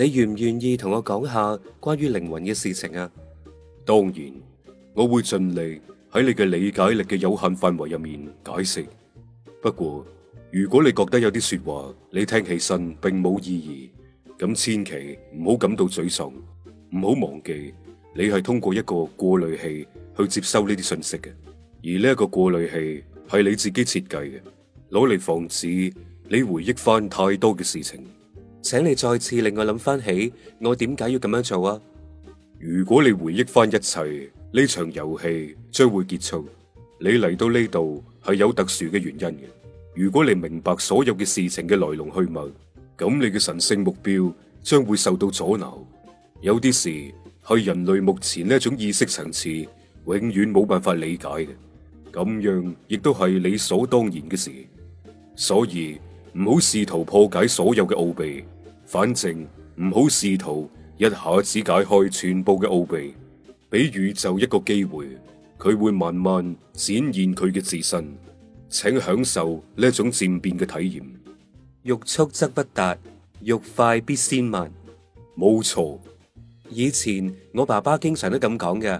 你願唔願意同我講下關於靈魂嘅事情啊？當然，我會盡力喺你嘅理解力嘅有限範圍入面解釋。不過，如果你覺得有啲說話你聽起身並冇意義，咁千祈唔好感到沮喪，唔好忘記你係通過一個過濾器去接收呢啲信息嘅，而呢一個過濾器係你自己設計嘅，努力防止你回憶翻太多嘅事情。請你再次令我諗翻起，我點解要咁樣做啊？如果你回憶翻一切，呢場遊戲將會結束。你嚟到呢度係有特殊嘅原因嘅。如果你明白所有嘅事情嘅來龍去脈，咁你嘅神聖目標將會受到阻撓。有啲事係人類目前呢一種意識層次永遠冇辦法理解嘅，咁樣亦都係理所當然嘅事。所以唔好試圖破解所有嘅奧秘。反正唔好試圖一下子解開全部嘅奧秘，俾宇宙一個機會，佢會慢慢展現佢嘅自身，請享受呢一種漸變嘅體驗。欲速則不達，欲快必先慢。冇錯錯，以前我爸爸經常都咁講嘅。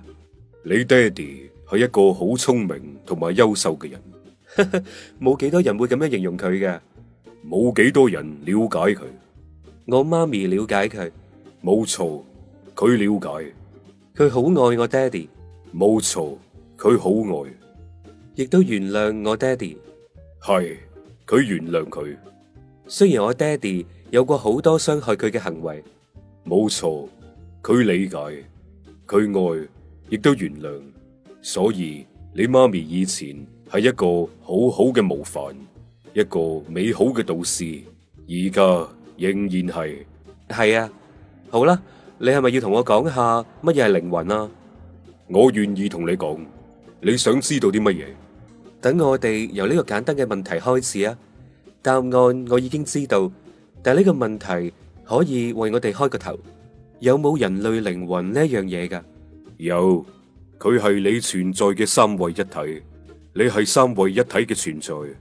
你爹哋係一個好聰明同埋優秀嘅人，冇幾 多人會咁樣形容佢嘅，冇幾多人了解佢。我媽咪了解佢，冇錯，佢了解，佢好愛我爹哋。冇錯，佢好愛，亦都原諒我爹哋。係，佢原諒佢。雖然我爹哋有過好多傷害佢嘅行為，冇錯，佢理解，佢愛，亦都原諒。所以你媽咪以前係一個好好嘅模範，一個美好嘅導師，而家。仍然係，係啊，好啦，你係咪要同我講下乜嘢係靈魂啊？我願意同你講，你想知道啲乜嘢？等我哋由呢個簡單嘅問題開始啊！答案我已經知道，但係呢個問題可以為我哋開個頭。有冇人類靈魂呢樣嘢㗎？有，佢係你存在嘅三位一體。你係三位一體嘅存在，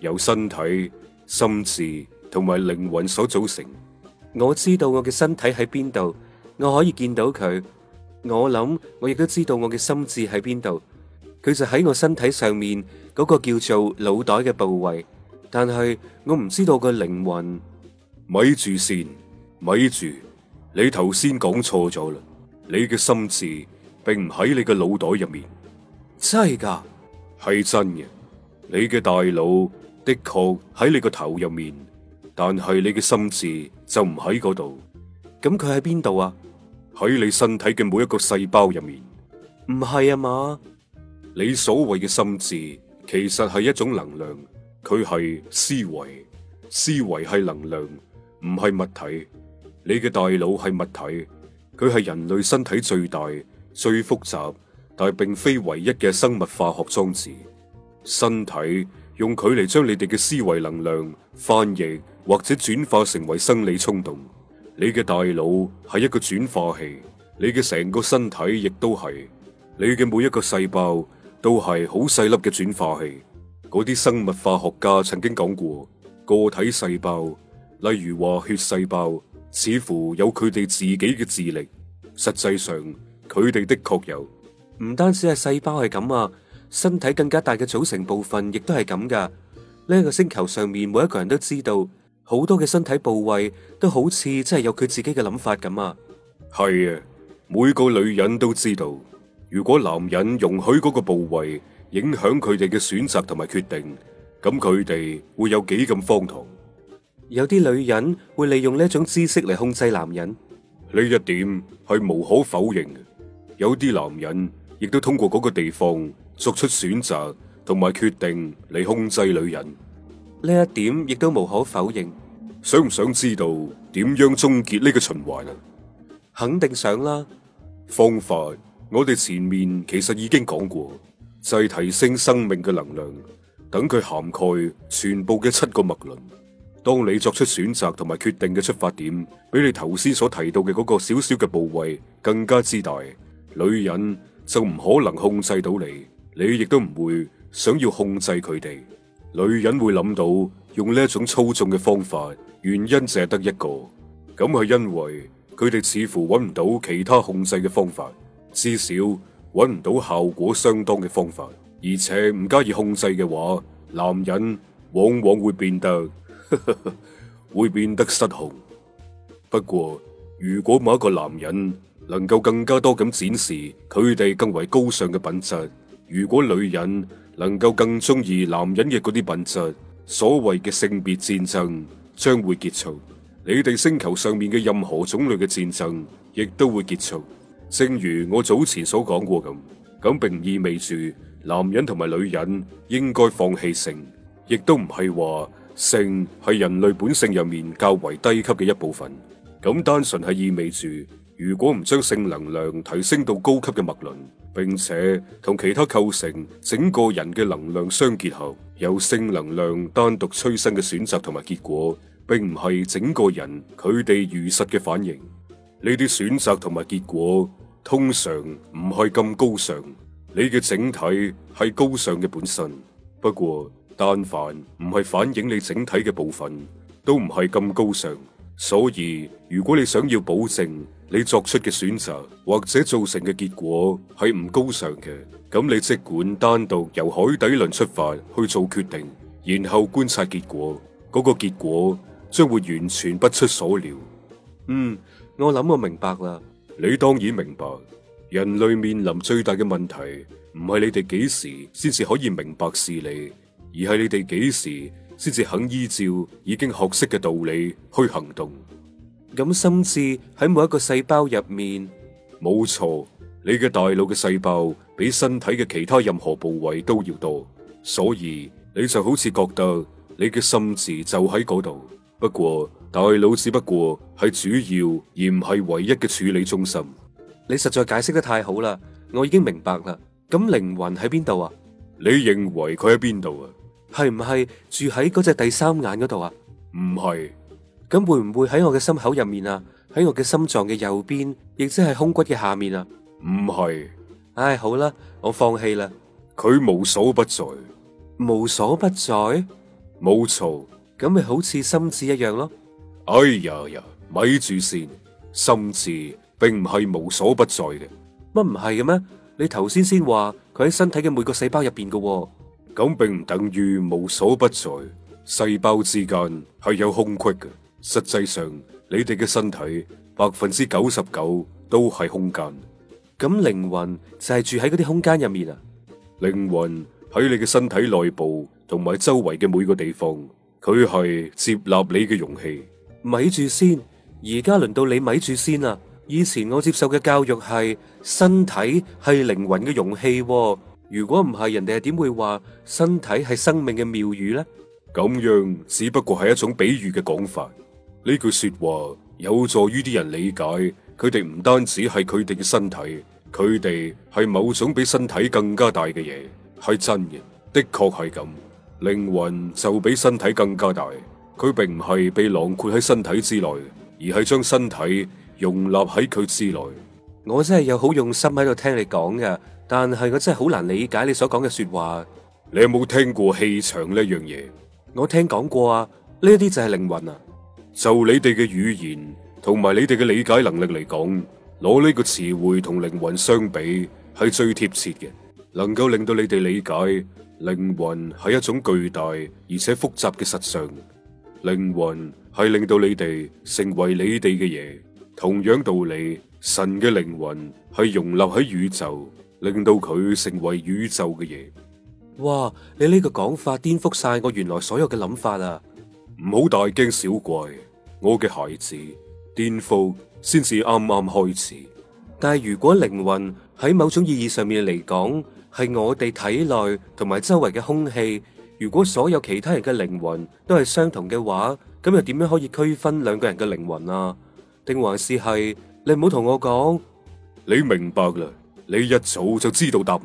有身體、心智。同埋靈魂所組成。我知道我嘅身體喺邊度，我可以見到佢。我諗我亦都知道我嘅心智喺邊度，佢就喺我身體上面嗰個叫做腦袋嘅部位。但係我唔知道個靈魂。咪住先，咪住，你頭先講錯咗啦。你嘅心智並唔喺你嘅腦袋入面。真係噶？係真嘅。你嘅大腦的確喺你個頭入面。但係你嘅心智就唔喺嗰度，咁佢喺邊度啊？喺你身體嘅每一個細胞入面，唔係啊嘛？你所謂嘅心智其實係一種能量，佢係思維，思維係能量，唔係物體。你嘅大腦係物體，佢係人類身體最大、最複雜，但係並非唯一嘅生物化學裝置。身體。用佢嚟將你哋嘅思維能量翻譯或者轉化成為生理衝動。你嘅大腦係一個轉化器，你嘅成個身體亦都係，你嘅每一個細胞都係好細粒嘅轉化器。嗰啲生物化學家曾經講過，個體細胞，例如話血細胞，似乎有佢哋自己嘅智力。實際上，佢哋的確有。唔單止係細胞係咁啊。身體更加大嘅組成部分，亦都係咁噶。呢個星球上面每一個人都知道，好多嘅身體部位都好似真係有佢自己嘅諗法咁啊。係啊，每個女人都知道，如果男人容許嗰個部位影響佢哋嘅選擇同埋決定，咁佢哋會有幾咁荒唐。有啲女人會利用呢種知識嚟控制男人，呢一點係無可否認嘅。有啲男人亦都通過嗰個地方作出選擇同埋決定嚟控制女人，呢一點亦都無可否認。想唔想知道點樣終結呢個循環啊？肯定想啦。方法我哋前面其實已經講過，就係提升生命嘅能量，等佢涵蓋全部嘅七個脈輪。當你作出選擇同埋決定嘅出發點，比你頭先所提到嘅嗰個小小嘅部位更加之大，女人就唔可能控制到你。你亦都唔會想要控制佢哋。女人會諗到用呢一種操縱嘅方法，原因淨係得一個，咁係因為佢哋似乎揾唔到其他控制嘅方法，至少揾唔到效果相當嘅方法。而且唔加以控制嘅話，男人往往會變得 會變得失控。不過，如果某一個男人能夠更加多咁展示佢哋更為高尚嘅品質。如果女人能夠更鍾意男人嘅嗰啲品質，所謂嘅性別戰爭將會結束。你哋星球上面嘅任何種類嘅戰爭亦都會結束。正如我早前所講過咁，咁並意味住男人同埋女人應該放棄性，亦都唔係話性係人類本性入面較為低級嘅一部分。咁單純係意味住，如果唔將性能量提升到高級嘅脈輪。並且同其他構成整個人嘅能量相結合，由性能量單獨催生嘅選擇同埋結果，並唔係整個人佢哋如實嘅反應。呢啲選擇同埋結果通常唔係咁高尚。你嘅整體係高尚嘅本身，不過但凡唔係反映你整體嘅部分，都唔係咁高尚。所以如果你想要保證。你作出嘅選擇或者造成嘅結果係唔高尚嘅，咁你即管單獨由海底輪出發去做決定，然後觀察結果，嗰個結果將會完全不出所料。嗯，我諗我明白啦。你當然明白，人類面臨最大嘅問題唔係你哋幾時先至可以明白事理，而係你哋幾時先至肯依照已經學識嘅道理去行動。咁心智喺每一個細胞入面，冇錯。你嘅大腦嘅細胞比身體嘅其他任何部位都要多，所以你就好似覺得你嘅心智就喺嗰度。不過大腦只不過係主要而唔係唯一嘅處理中心。你實在解釋得太好啦，我已經明白啦。咁靈魂喺邊度啊？你認為佢喺邊度啊？係唔係住喺嗰隻第三眼嗰度啊？唔係。咁會唔會喺我嘅心口入面啊？喺我嘅心臟嘅右邊，亦即係胸骨嘅下面啊？唔係是，唉、哎，好啦，我放棄啦。佢無所不在。無所不在？冇錯，咁咪好似心智一樣咯。哎呀呀，咪住先，心智並唔係無所不在嘅。乜唔係嘅咩？你頭先先話佢喺身體嘅每個細胞入邊噶。咁並唔等於無所不在，細胞之間係有空隙嘅。實際上，你哋嘅身體百分之九十九都係空間，咁靈魂就係住喺嗰啲空間入面啊。靈魂喺你嘅身體內部同埋周圍嘅每個地方，佢係接納你嘅容器。咪住先，而家輪到你咪住先啊。以前我接受嘅教育係身體係靈魂嘅容器，啊，如果唔係，人哋係點會話身體係生命嘅廟宇呢？咁樣只不過係一種比喻嘅講法。呢句說話有助於啲人理解佢哋唔單止係佢哋嘅身體，佢哋係某種比身體更加大嘅嘢，係真嘅，的確係咁。靈魂就比身體更加大，佢並唔係被囊括喺身體之內，而係將身體容納喺佢之內。我真係有好用心喺度聽你講嘅，但係我真係好難理解你所講嘅說話。你有冇聽過氣場呢樣嘢？我聽講過啊，呢啲就係靈魂啊。就你哋嘅語言同埋你哋嘅理解能力嚟講，攞呢個詞彙同靈魂相比係最貼切嘅，能夠令到你哋理解靈魂係一種巨大而且複雜嘅實相。靈魂係令到你哋成為你哋嘅嘢，同樣道理，神嘅靈魂係融落喺宇宙，令到佢成為宇宙嘅嘢。哇！你呢個講法顛覆晒我原來所有嘅諗法啊！唔好大驚小怪，我嘅孩子，顛覆先至啱啱開始。但係如果靈魂喺某種意義上面嚟講，係我哋體內同埋周圍嘅空氣。如果所有其他人嘅靈魂都係相同嘅話，咁又點樣可以區分兩個人嘅靈魂啊？定還是係？你唔好同我講，你明白啦？你一早就知道答案。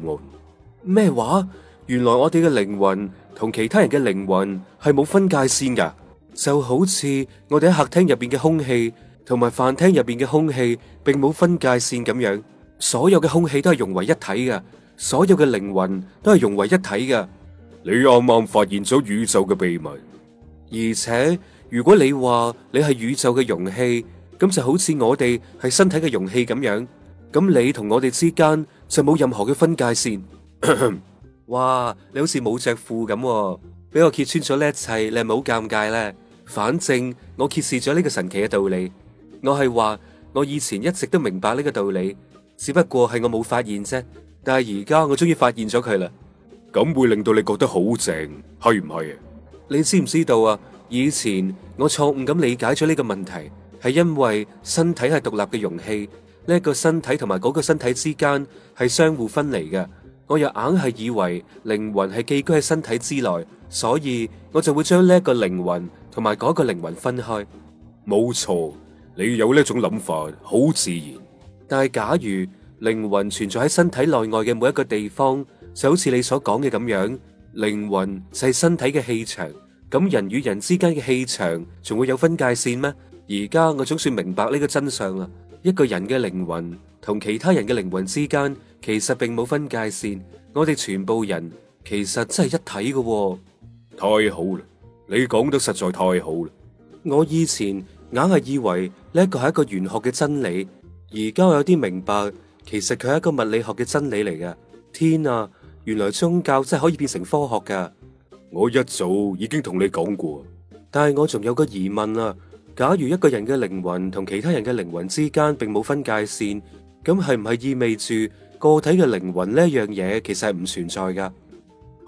咩話？原來我哋嘅靈魂同其他人嘅靈魂係冇分界綫噶。就好似我哋喺客廳入邊嘅空氣同埋飯廳入邊嘅空氣，並冇分界線咁樣，所有嘅空氣都係融為一體嘅，所有嘅靈魂都係融為一體嘅。你啱啱發現咗宇宙嘅秘密，而且如果你話你係宇宙嘅容器，咁就好似我哋係身體嘅容器咁樣，咁你同我哋之間就冇任何嘅分界線。咳咳哇，你好似冇隻褲咁。俾我揭穿咗呢一切，你係咪好尷尬咧？反正我揭示咗呢個神奇嘅道理，我係話我以前一直都明白呢個道理，只不過係我冇發現啫。但係而家我終於發現咗佢啦，咁會令到你覺得好正，係唔係？你知唔知道啊？以前我錯誤咁理解咗呢個問題，係因為身體係獨立嘅容器，呢一個身體同埋嗰個身體之間係相互分離嘅。我又硬係以為靈魂係寄居喺身體之內，所以我就會將呢一個靈魂同埋嗰個靈魂分開。冇錯，你有呢一種諗法，好自然。但係假如靈魂存在喺身體內外嘅每一個地方，就好似你所講嘅咁樣，靈魂就係身體嘅氣場。咁人與人之間嘅氣場，仲會有分界線咩？而家我總算明白呢個真相啦。一個人嘅靈魂同其他人嘅靈魂之間。其實並冇分界線，我哋全部人其實真係一體噶哦。太好啦，你講得實在太好啦！我以前硬係以為呢個係一個玄學嘅真理，而家有啲明白，其實佢係一個物理學嘅真理嚟嘅。天啊，原來宗教真係可以變成科學噶！我一早已經同你講過，但係我仲有個疑問啊。假如一個人嘅靈魂同其他人嘅靈魂之間並冇分界線，咁係唔係意味住？個體嘅靈魂呢一樣嘢，其實係唔存在噶，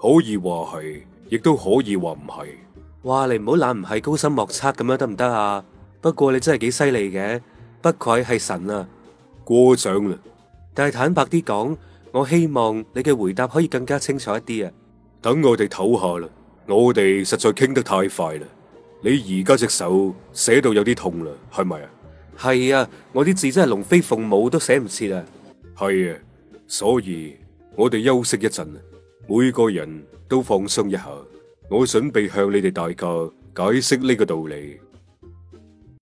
可以話係，亦都可以話唔係。話你唔好懶唔係高深莫測咁樣得唔得啊？不過你真係幾犀利嘅，不愧係神啊，過獎啦。但係坦白啲講，我希望你嘅回答可以更加清楚一啲啊。等我哋唞下啦，我哋實在傾得太快啦。你而家隻手寫到有啲痛啦，係咪啊？係啊，我啲字真係龍飛鳳舞都寫唔切啊。係啊。所以我哋休息一陣，每個人都放鬆一下，我準備向你哋大家解釋呢個道理。